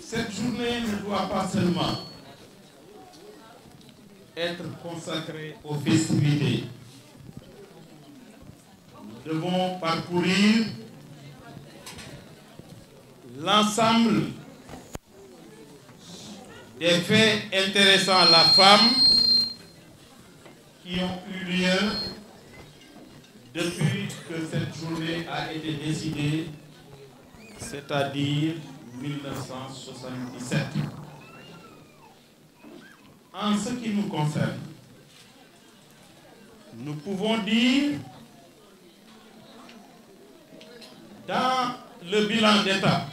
Cette journée ne doit pas seulement être consacrée aux festivités. Nous devons parcourir l'ensemble des faits intéressants à la femme qui ont eu lieu depuis que cette journée a été décidée, c'est-à-dire 1977. En ce qui nous concerne, nous pouvons dire, dans le bilan d'État,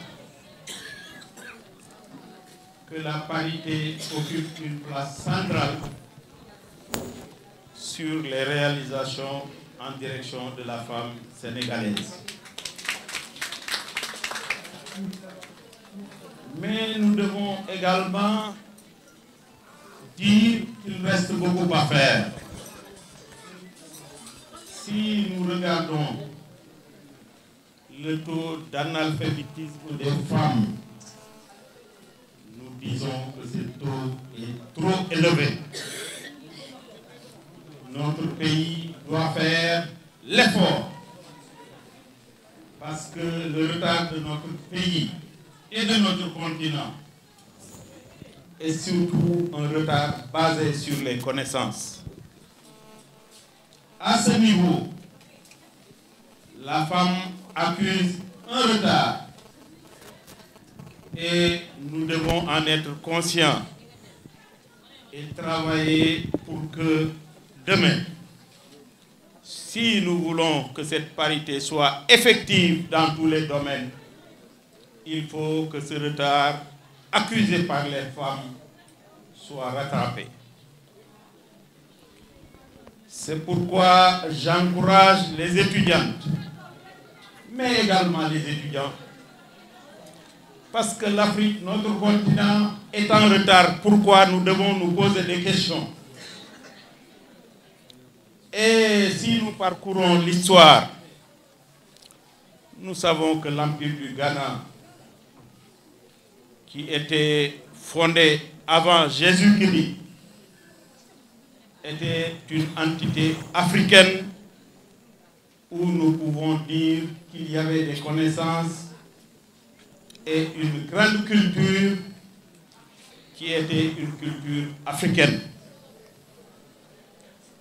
que la parité occupe une place centrale sur les réalisations en direction de la femme sénégalaise. Mais nous devons également dire qu'il reste beaucoup à faire. Si nous regardons le taux d'analphabétisme des femmes, nous disons que ce taux est trop élevé. pays et de notre continent et surtout un retard basé sur les connaissances. À ce niveau, la femme accuse un retard et nous devons en être conscients et travailler pour que demain, si nous voulons que cette parité soit effective dans tous les domaines, il faut que ce retard accusé par les femmes soit rattrapé. C'est pourquoi j'encourage les étudiantes, mais également les étudiants, parce que l'Afrique, notre continent, est en retard. Pourquoi nous devons nous poser des questions Et si nous parcourons l'histoire, nous savons que l'Empire du Ghana qui était fondée avant Jésus-Christ, était une entité africaine où nous pouvons dire qu'il y avait des connaissances et une grande culture qui était une culture africaine.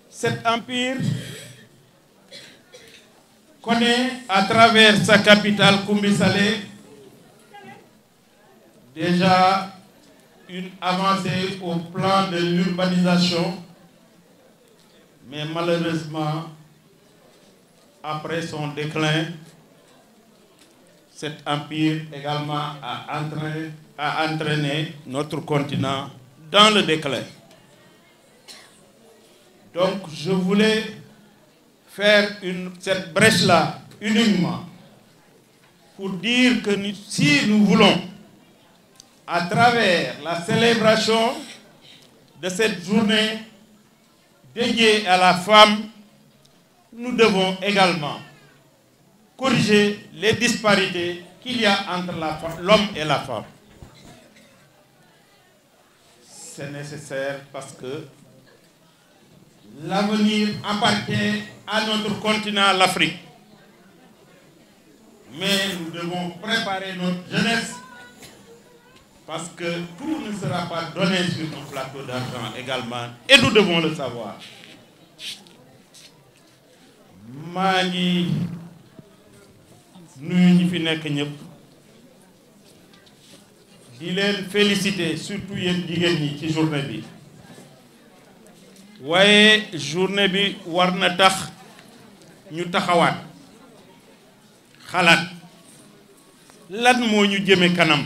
Cet empire connaît à travers sa capitale Kumbi-Saleh déjà une avancée au plan de l'urbanisation, mais malheureusement, après son déclin, cet empire également a entraîné, notre continent dans le déclin. Donc je voulais faire cette brèche-là uniquement pour dire que si nous voulons à travers la célébration de cette journée dédiée à la femme, nous devons également corriger les disparités qu'il y a entre l'homme et la femme. C'est nécessaire parce que l'avenir appartient à notre continent, l'Afrique. Mais nous devons préparer notre jeunesse parce que tout ne sera pas donné sur un plateau d'argent également, et nous devons le savoir. nous nous nuyu finissons. fi félicités, surtout yéen journée bi Nous journée bi kanam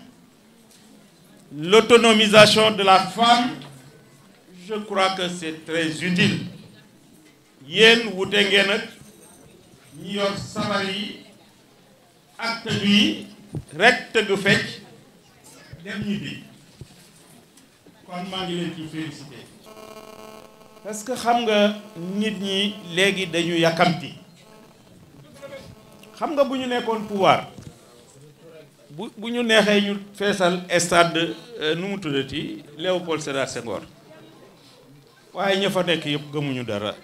l'autonomisation de la femme je crois que c'est très utile Yen wute New York, ñi yor sabar yi ak tëgg Quand rek tëgg fecc dem ñi ci félicité parce que xam nga nit ñi légui dañu yakamti xam nga bu ñu nekkoon pouvoir bu bu ñu neexee ñu feesal stade euh, nu mu tuddati Léopold Sédar Senghor waye ñafa nek nekk yëpp gëmuñu dara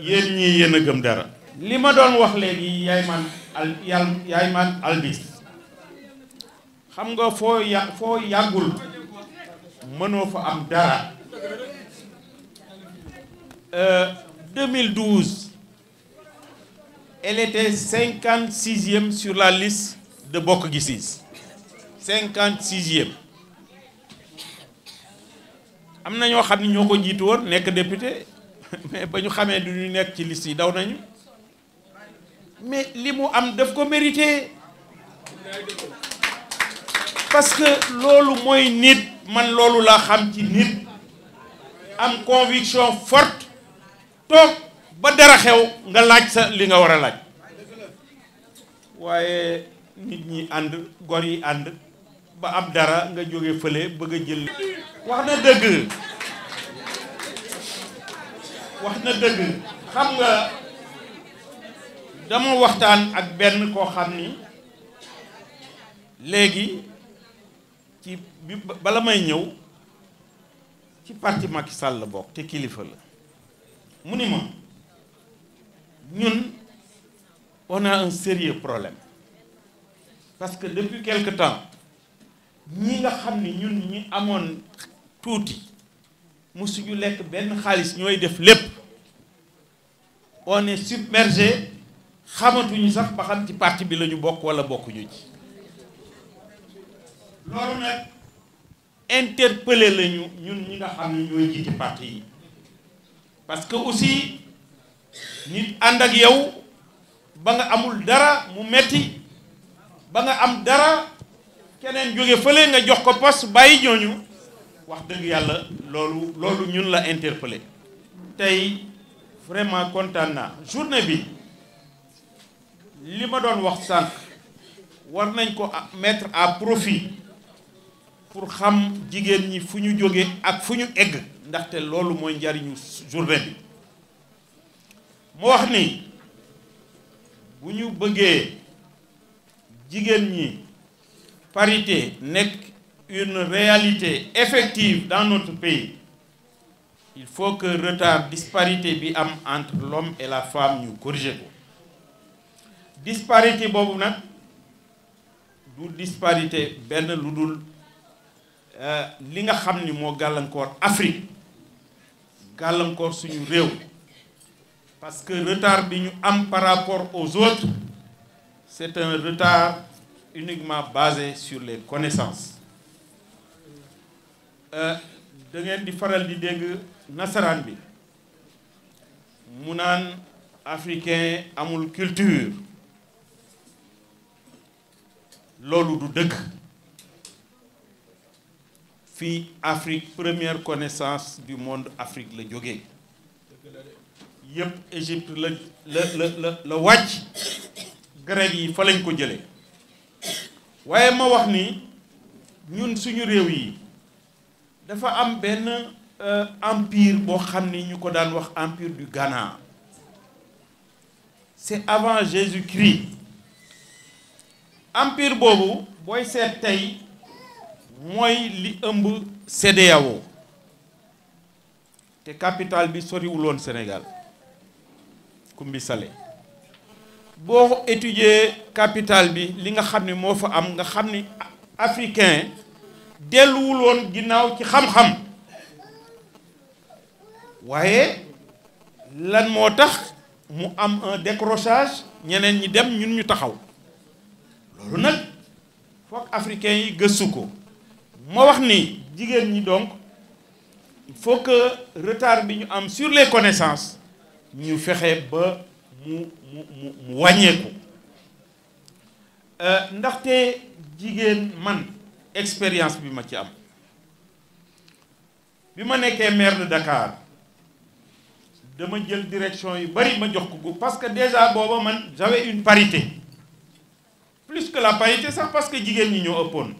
yeen ñi yéen gëm dara. li ma doon wax léegi yaay man al yaay man albis xam nga fo ya foo yàggul mënoo fa am dara euh 2012 elle était 56e sur la liste de 56e. 56 e cinquante sixième ñoo xamni ne jitu député mais nous xamé du ñu nek ci liste yi daw nañu mais limu am daf ko mérité parce que lolu moy nit man lolu la xam ci nit am conviction forte Donc, ba dara xew nga laaj sa li nga nit ñi ànd gor yi ànd ba am dara nga jóge fële bëgg a jël wax na dëgg wax na dëgg xam nga dama waxtaan ak benn koo xam ni léegi ci bi bala may ñëw ci parti Macky Sall la bokk te kilifa la mu ni ma ñun on a un sérieux problème parce que depuis quelque temps ñi nga xam ni ñun ñi amoon tuuti musuñu lekk benn xaalis ñooy def lépp on est submergé xamatuñu sax ba xam ci parti bi lañu ñu bokk wala bokkuñu ci loolu nag interpellé lañu ñun ñi nga xam ne ñooy jiiti parti yi parce que aussi nit ànd ak yow ba nga amul dara mu metti ba am dara keneen jóge nga jox ko poste bàyyi ñooñu wax dëgg yàlla loolu loolu ñun la vraiment content. journée bi li doon wax mettre à profit pour xam jigéen ñi fu ñu ak journée bi wax jigen ñi parité n'est une réalité effective dans notre pays il faut que retard disparité bi am entre l'homme et la femme ñu corriger disparité bobu nak du disparité ben ludul euh li nga xamni mo moo Afrique suñu parce que retard bi ñu am par rapport aux autres c'est un retard uniquement basé sur les connaissances euh, De africain amul culture l'olu du Afrique première connaissance du monde Afrique le jógee Yep, Égypte le il yi fa lañ ko waaye ma wax ni ñun suñu yi empire ni du Ghana c'est avant Jésus-Christ empire boobu booy seet tey li ëmb la te capital bi Sénégal Kumbi Salé boo étudier capital bi li nga xamni mo fa am nga africain ni wul won ginnaaw ci xam-xam waye lan motax mu am un décrochage ñeneen ñi dem ñun ñu taxaw lolu nak foog africain yi geussuko mo wax ni jigen ñi donc il faut que retard bi ñu am sur les connaissances ñu fexé ba mu mu euh, ndaxte jigéen man expérience bi ma ci am bi ma nekkee maire de Dakar dama jël direction yu bari ma jox ko parce que déjà booba man j'avais une parité plus que la parité sax parce que jigéen ñi ñoo ëppoon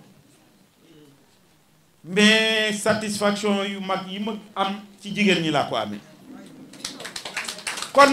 mais satisfaction yu mag yi ma am ci jigéen ñi laa ko amee kon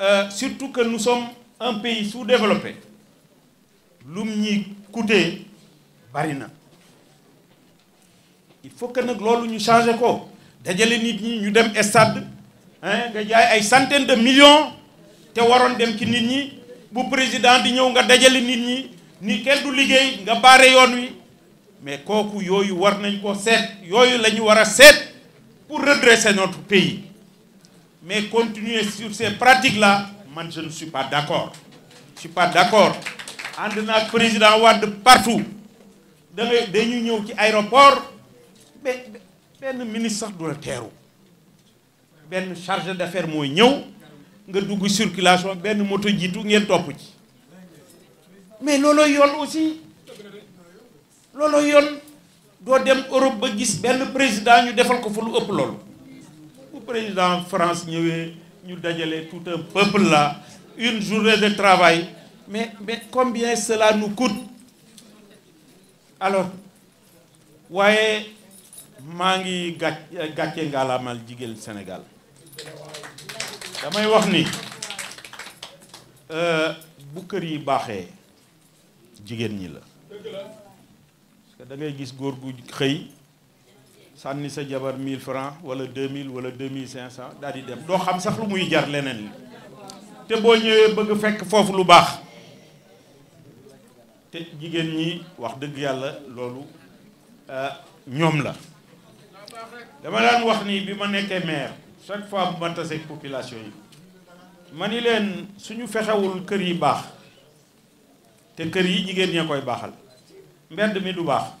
Euh, surtout que nous sommes un pays sous-développé barina. il faut que nous changions ñu changer ko des hein, centaines de millions te waron dem président di nga du mais nous yoyu war nañ ko pour redresser notre pays mais continuer sur ces pratiques-là, moi je ne suis pas d'accord. Je ne suis pas d'accord. ànd président Ouad partout dans les aéroports, ñëw ci aéroport ministre sax du la teeru chargé d'affaires mooy ñëw nga dugg circulation ben moto jitu ngeen topp ci mais lolo yon aussi lolo yon doit dem Europe ba gis le président ñu defal ko lu président France ñëwee ñu dajalé tout un peuple là une journée de travail mais mais combien cela nous coûte alors waaye maa ngi gàc gàcce ngaalaamal Sénégal damay wax ni euh, bu kër yi baaxee jigéen ñi la parce que da ngay gis gor gu xey sànni sa jabar 1000 francs wala 2000 wala 2500 daal dem do xam sax lu muy jar leneen te bo ñëwee bëgg fekk fofu lu baax te jigéen ñi wax dëgg yàlla loolu euh, ñoom la dama daan wax ni bi ma nekkee maire chaque fois bu ma tasee population yi ma ni leen suñu fexewul kër yi baax te kër yi jigéen ñee koy baaxal mbedd mi du baax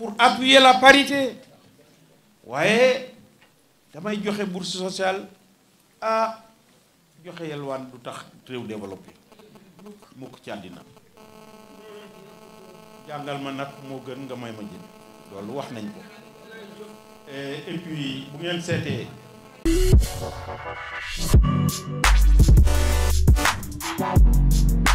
pour appuyer la parité waaye damay joxe bourse sociale ah joxe yelwan du tax rew développé mukk ci andina jangal ma nak mo gën nga may ma jënd lolou wax nañ ko eh, et puis bu ngeen sété Thank you.